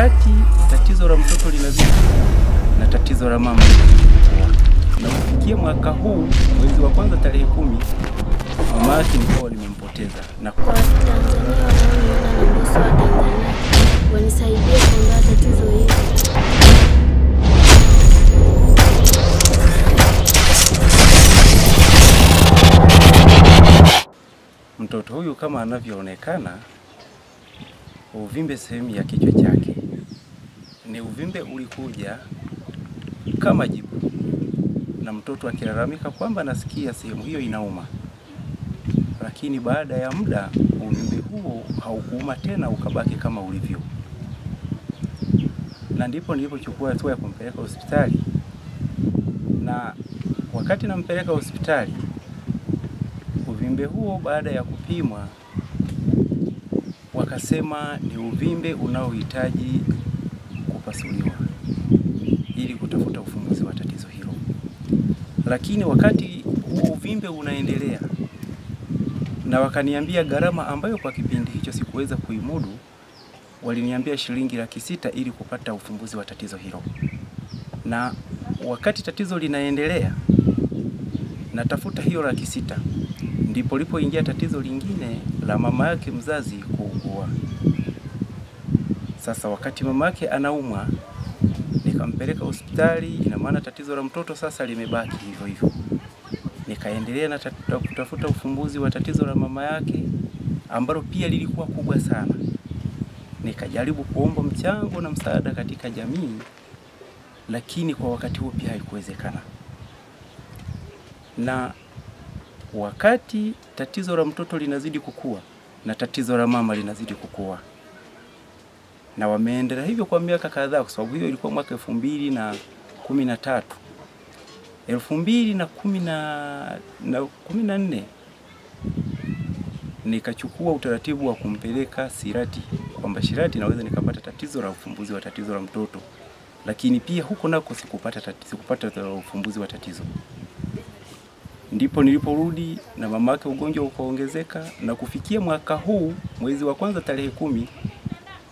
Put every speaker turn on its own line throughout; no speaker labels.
Wakati tatizo la mtoto linazidi na tatizo la mama na kufikia mwaka huu mwezi wa kwanza tarehe kumi mama yake nikawa limempoteza na kwa mtoto huyu kama anavyoonekana uvimbe sehemu ya kichwa chake Yaani uvimbe ulikuja kama jibu, na mtoto akilalamika kwamba nasikia sehemu hiyo inauma, lakini baada ya muda uvimbe huo haukuuma tena, ukabaki kama ulivyo. Na ndipo nilipochukua hatua ya kumpeleka hospitali, na wakati nampeleka hospitali uvimbe huo baada ya kupimwa wakasema ni uvimbe unaohitaji kupasuliwa ili kutafuta ufumbuzi wa tatizo hilo. Lakini wakati huo uvimbe unaendelea, na wakaniambia gharama ambayo kwa kipindi hicho sikuweza kuimudu, waliniambia shilingi laki sita ili kupata ufumbuzi wa tatizo hilo. Na wakati tatizo linaendelea, natafuta hiyo laki sita ndipo lipoingia tatizo lingine la mama yake mzazi kuugua. Sasa wakati mama yake anaumwa nikampeleka hospitali, ina maana tatizo la mtoto sasa limebaki hivyo hivyo. Nikaendelea na kutafuta ufumbuzi wa tatizo la mama yake ambalo pia lilikuwa kubwa sana. Nikajaribu kuomba mchango na msaada katika jamii, lakini kwa wakati huo pia haikuwezekana. Na wakati tatizo la mtoto linazidi kukua na tatizo la mama linazidi kukua na wameendelea hivyo kwa miaka kadhaa, kwa sababu hiyo ilikuwa mwaka elfu mbili na kumi na tatu elfu mbili na kumi na, na kumi na nne nikachukua utaratibu wa kumpeleka Sirati, kwamba Sirati naweza nikapata tatizo la ufumbuzi wa tatizo la mtoto, lakini pia huko nako sikupata tatizo, sikupata ufumbuzi wa tatizo. Ndipo niliporudi na mamake ugonjwa ukaongezeka, na kufikia mwaka huu mwezi wa kwanza tarehe kumi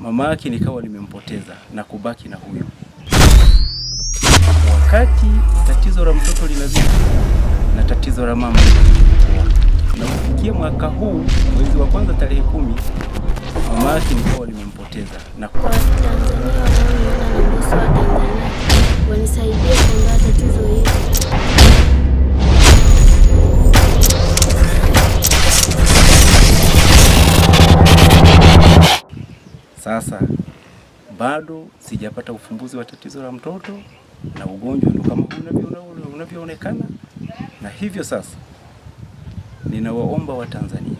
mama yake nikawa nimempoteza na kubaki na huyo. Wakati tatizo la mtoto linazidi na tatizo la mama na kufikia mwaka huu mwezi wa kwanza tarehe kumi mama yake nikawa nimempoteza na
Watanzania wanisaidie
sasa Bado sijapata ufumbuzi wa tatizo la mtoto na ugonjwa ndo kama unavyoonekana, na hivyo sasa ninawaomba Watanzania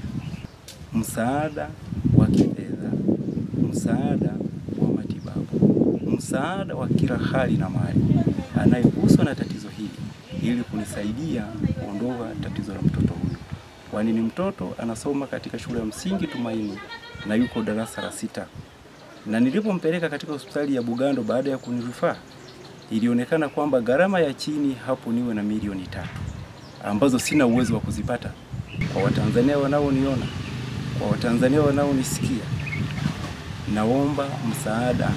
msaada wa kifedha, msaada wa matibabu, msaada wa kila hali na mali anayeguswa na tatizo hili, ili kunisaidia kuondoa tatizo la mtoto huyu, kwani ni mtoto anasoma katika shule ya msingi Tumaini na yuko darasa la sita na nilipompeleka katika hospitali ya Bugando baada ya kunirufaa, ilionekana kwamba gharama ya chini hapo niwe na milioni tatu ambazo sina uwezo wa kuzipata. Kwa Watanzania wanaoniona, kwa Watanzania wanaonisikia, naomba msaada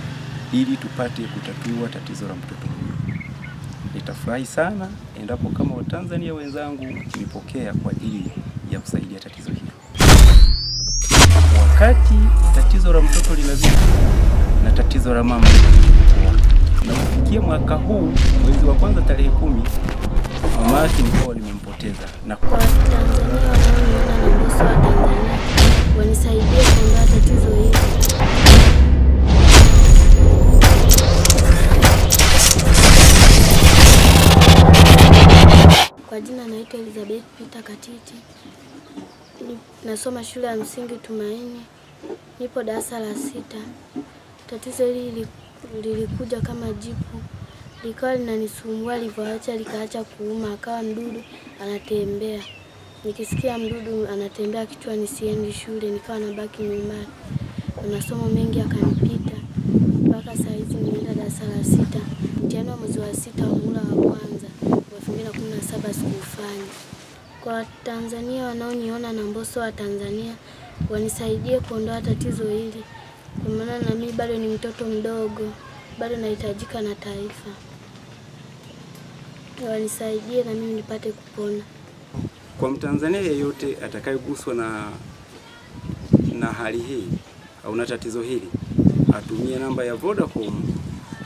ili tupate kutatua tatizo la mtoto huyu. Nitafurahi sana endapo kama Watanzania wenzangu mkinipokea kwa ajili ya kusaidia tatizo hili. Wakati tatizo la mtoto linazidi na tatizo la mama na kufikia mwaka huu mwezi wa kwanza tarehe kumi mama yake mkoa limempoteza na kwa
Kwa jina naitwa Elizabeth Peter Katiti. Nasoma shule ya msingi Tumaini, nipo darasa la sita. Tatizo hili lilikuja kama jipu, likawa linanisumbua, livyoacha likaacha kuuma, akawa mdudu anatembea. Nikisikia mdudu anatembea kichwani, siendi shule, nikawa nabaki nyumbani na masomo mengi akanipita mpaka saa hizi nimeenda darasa la sita. Mtihani wa mwezi wa sita wa muhula wa kwanza saba sikufanya. Kwa Watanzania wanaoniona na Mbosso wa Tanzania wanisaidie kuondoa tatizo hili, kwa maana na mimi bado ni mtoto mdogo, bado nahitajika na taifa. Wanisaidie na mimi nipate kupona.
Kwa Mtanzania yeyote atakayeguswa na, na hali hii au na tatizo hili atumie namba ya Vodacom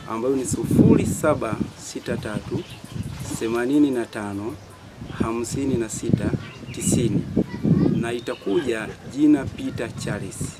ambayo ni sufuri saba sita tatu themanini na tano hamsini na sita tisini na itakuja jina Peter Charles.